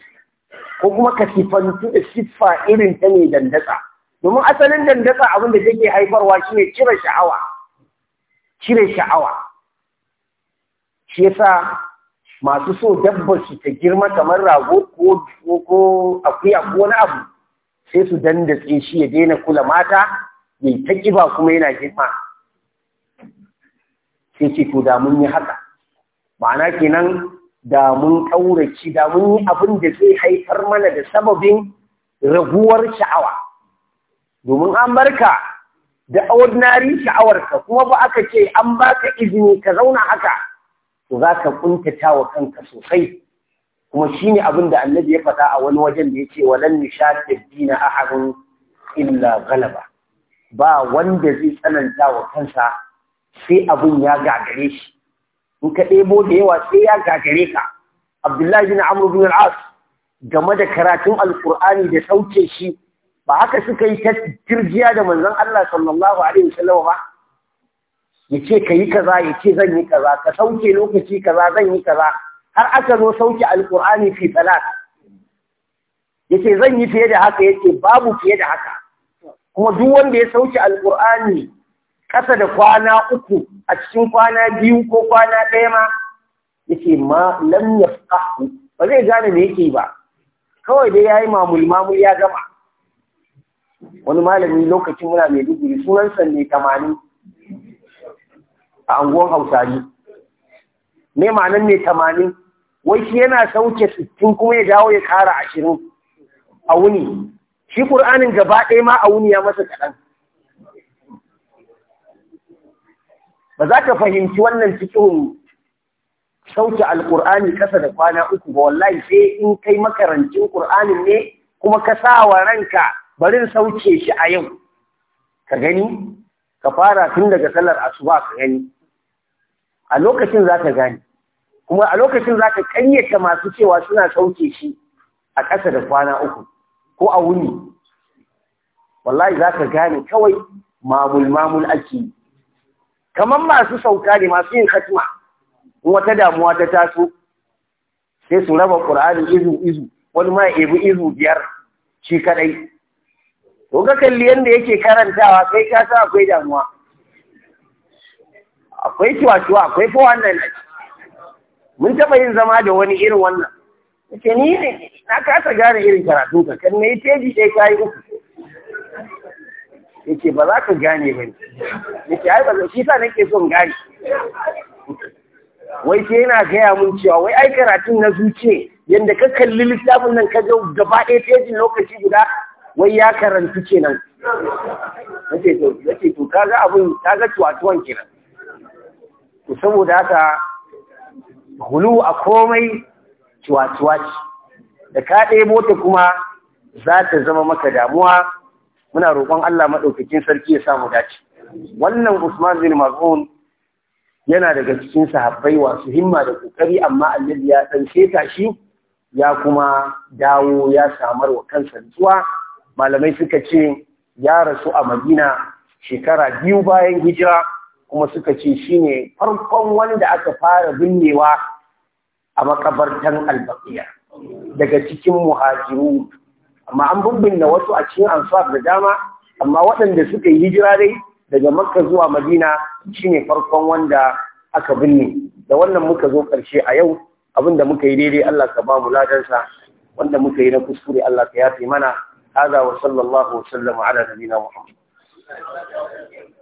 Speaker 2: ko kuma ka sifantu da siffa irin ta ne dandatsa? domin asalin dandaka abin da take haifarwa shine cire sha'awa cire sha'awa shi yasa masu so dabbar su ta girma kamar rago ko ko akuya ko wani abu sai su dandatse shi ya daina kula mata mai ta kiba kuma yana girma sai ce to da mun yi haka ma'ana kenan da mun ƙaurace da mun yi abin da zai haifar mana da sababin raguwar sha'awa domin an barka da ordinary sha'awarka kuma ba aka ce an baka izini ka zauna haka to za ka kuntata wa kanka sosai kuma shine abin da annabi ya fada a wani wajen da ya ce walan nishadda dina ahadun illa galaba ba wanda zai tsananta wa kansa sai abin ya gagare shi in ka ɗebo da yawa sai ya gagare ka abdullahi bin amr bin as game da karatun alqur'ani da sauke shi ba haka suka yi ta kirjiya da manzon Allah sallallahu alaihi wasallam ba ya ce ka yi kaza ya ce zan yi kaza ka sauke lokaci kaza zan yi kaza har aka zo sauke alkur'ani fi salat ya ce zan yi fiye da haka ya ce babu fiye da haka kuma duk wanda ya sauke alkur'ani ƙasa da kwana uku a cikin kwana biyu ko kwana ɗaya ma ya ce ma lam ba zai gane me yake ba kawai dai ya yi mamul mamul ya gama wani malami lokacin muna mai duguri sunansa ne tamanin a anguwan hausari ne ma'anan ne tamanin wai shi yana sauke sittin kuma ya dawo ya kara ashirin a wuni shi ƙur'anin gaba ɗaya ma a wuni ya masa kaɗan ba za ka fahimci wannan cikin sauke alƙur'ani ƙasa da kwana uku ba wallahi sai in kai makarancin ƙur'anin ne kuma ka sa wa ranka Barin in sauke shi a yau ka gani ka fara tun daga sallar asuba ka gani a lokacin za ka gani kuma a lokacin za ka kanyata masu cewa suna sauke shi a ƙasa da kwana uku ko a wuni wallahi za ka gane kawai mamul-mamul ake yi kamar masu sauka ne masu yin hatima in wata damuwa ta taso sai su raba ƙur'anin izu izu wani ma ya izu biyar shi kadai ko ka kalli yadda yake karantawa kai ka sa akwai damuwa akwai ciwa akwai fa wannan mun taɓa yin zama da wani irin wannan ce ni ne na kasa gane irin karatu ka kan na yi teji ɗaya kayi uku yake ba za ka gane ba ne yake ai ba shi sa nake son gane wai sai yana gaya mun cewa wai ai karatun na zuce yadda ka kalli littafin nan ka ga gaba ɗaya tejin lokaci guda wai ya karanci kenan wace to nace to kaga abin kaga tuwatuwan kenan to saboda haka hulu a komai tuwatuwa ce da ka ɗebo ta kuma za ta zama maka damuwa muna roƙon Allah maɗaukakin sarki ya samu dace wannan Usman bin Maz'un yana daga cikin sahabbai wasu himma da kokari amma alli ya dan seta shi ya kuma dawo ya samar wa kansa zuwa. malamai suka ce ya rasu a madina shekara biyu bayan hijira kuma suka ce shi ne farkon wanda aka fara binnewa a makabartan albaƙiya daga cikin muhajiru amma an bibbinne wasu a cikin ansar da dama amma waɗanda suka yi hijira dai daga makka zuwa madina ne farkon wanda aka binne da wannan muka zo ƙarshe a yau abinda muka yi daidai Allah ka ba mu ladarsa wanda muka yi na kuskure Allah ka yafe mana هذا وصلى الله وسلم على نبينا
Speaker 1: محمد